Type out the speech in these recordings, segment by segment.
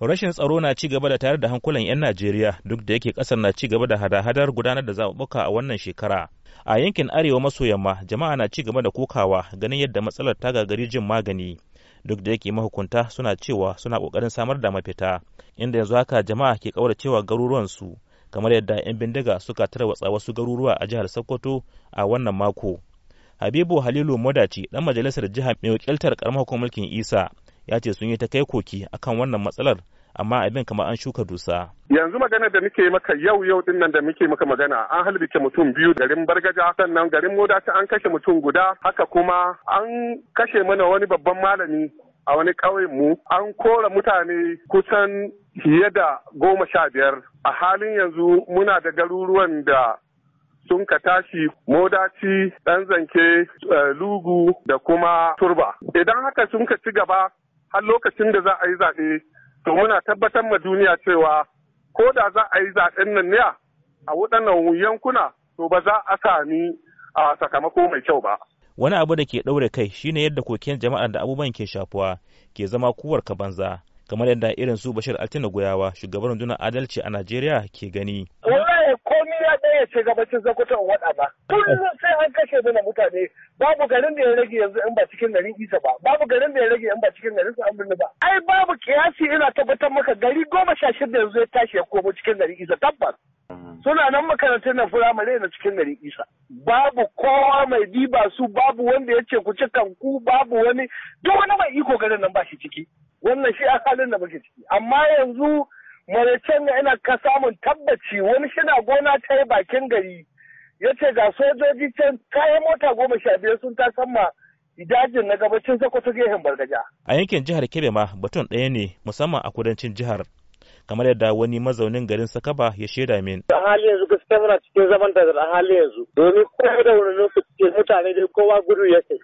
Rashin tsaro na ci gaba da tare da hankulan 'yan Najeriya duk da yake kasar na ci gaba da hada-hadar gudanar da zaɓuɓɓuka a wannan shekara. A yankin Arewa maso yamma jama'a na ci gaba da kokawa ganin yadda matsalar ta gagari jin magani duk da yake mahukunta suna cewa suna ƙoƙarin samar da mafita inda yanzu haka jama'a ke ƙauracewa garuruwansu kamar yadda 'yan bindiga suka tarwatsa wasu garuruwa a jihar Sokoto a wannan mako. Habibu Halilu Modaci ɗan majalisar jiha mai wakiltar karamar hukumar mulkin Isa ya ce sun yi ta kai koki akan wannan matsalar amma abin kamar an shuka dusa. Yanzu magana da muke maka yau yau din da muke maka magana an halbice mutum biyu garin Bargaja sannan garin Modaci an kashe mutum guda haka kuma an kashe mana wani babban malami a wani ƙauyen mu an kora mutane kusan fiye da goma sha biyar a halin yanzu muna da garuruwan da sun ka tashi modaci ɗan zanke eh, lugu da kuma turba idan haka sun ka ci gaba har lokacin da za a yi zaɓe to muna tabbatar ma duniya cewa ko da za a yi zaɓen nan ne a waɗannan yankuna to ba za a sami a sakamako mai kyau ba. Wani abu da ke ɗaure kai shine yadda koken jama'a da abubuwan ke shafuwa ke zama kuwar ka banza. kamar yadda irin su bashir altina goyawa shugaban rundunar adalci a najeriya ke gani ya ce gabacin zakutan waɗa ba. Kullum sai an kashe mana mutane babu garin da ya rage yanzu in ba cikin garin Isa ba, babu garin da ya rage in ba cikin garin Sa'amurni ba. Ai babu kiyasi ina tabbatar maka gari goma sha shida yanzu ya tashi ya komo cikin garin Isa tabbas. Suna nan makarantar na firamare na cikin garin Isa. Babu kowa mai diba su babu wanda ya ce ku ci kanku babu wani duk wani mai iko garin nan ba shi ciki. Wannan shi a halin da muke ciki. Amma yanzu maraicen na ina ka samun tabbaci wani shina gona ta yi bakin gari ya ce ga sojoji can kayan mota goma sha biyar sun ta sama dajin na gabacin sokoto gehen bargaja. a yankin jihar kebe ma batun ɗaya ne musamman a kudancin jihar kamar yadda wani mazaunin garin sakaba ya shaida min. a halin yanzu gaskiya muna cikin zaman da a halin yanzu domin kowa da wani lokaci mutane dai kowa gudu ya kai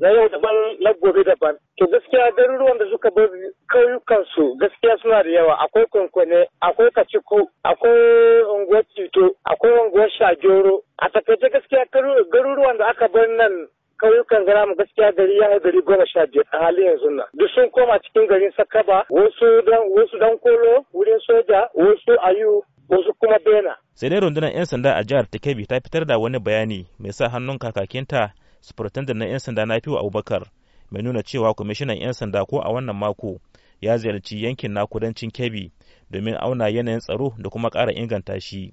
na yau daban na gobe daban to gaskiya garuruwan da suka bar kauyukansu gaskiya suna da yawa akwai kwankwane akwai kaciku akwai unguwar cito akwai unguwar shajoro a takaice gaskiya garuruwan da aka bar nan kauyukan gara mu gaskiya gari ya gari goma sha biyar a halin yanzu nan duk sun koma cikin garin sakaba wasu dan wasu dan kolo wurin soja wasu ayu wasu kuma bena sai dai rundunar 'yan sanda a jihar takebi ta fitar da wani bayani mai sa hannun kakakinta sufurtandar na 'yan sanda na fiwa abubakar mai nuna cewa kwamishinan 'yan sanda ko a wannan mako ya ziyarci yankin na kudancin kebbi domin auna yanayin tsaro da kuma ƙara inganta shi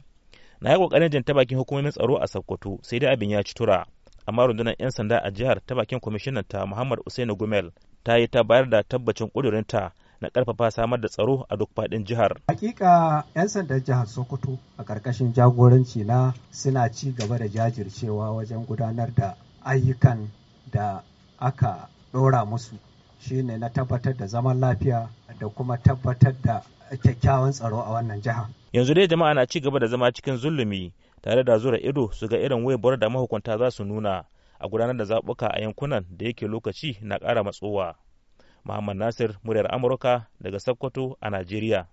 na yi ƙoƙarin janta bakin hukumomin tsaro a sokoto sai dai abin ya ci tura amma rundunar 'yan sanda a jihar ta bakin kwamishinan ta muhammad usainu gumel ta yi ta bayar da tabbacin ƙudurinta na ƙarfafa samar da tsaro a duk faɗin jihar. Hakika 'yan sandan jihar Sokoto a ƙarƙashin jagoranci na suna ci gaba da jajircewa wajen gudanar da ayyukan da aka ɗora musu shine na tabbatar da zaman lafiya da kuma tabbatar da kyakkyawan tsaro a wannan jiha. Yanzu dai jama'a na ci gaba da zama cikin zulumi tare da zura ido su ga irin waibar da mahukunta za su nuna a gudanar da zaɓuka a yankunan da yake lokaci na ƙara matsowa. Muhammad Nasir, muryar Amurka daga Sokoto a Najeriya.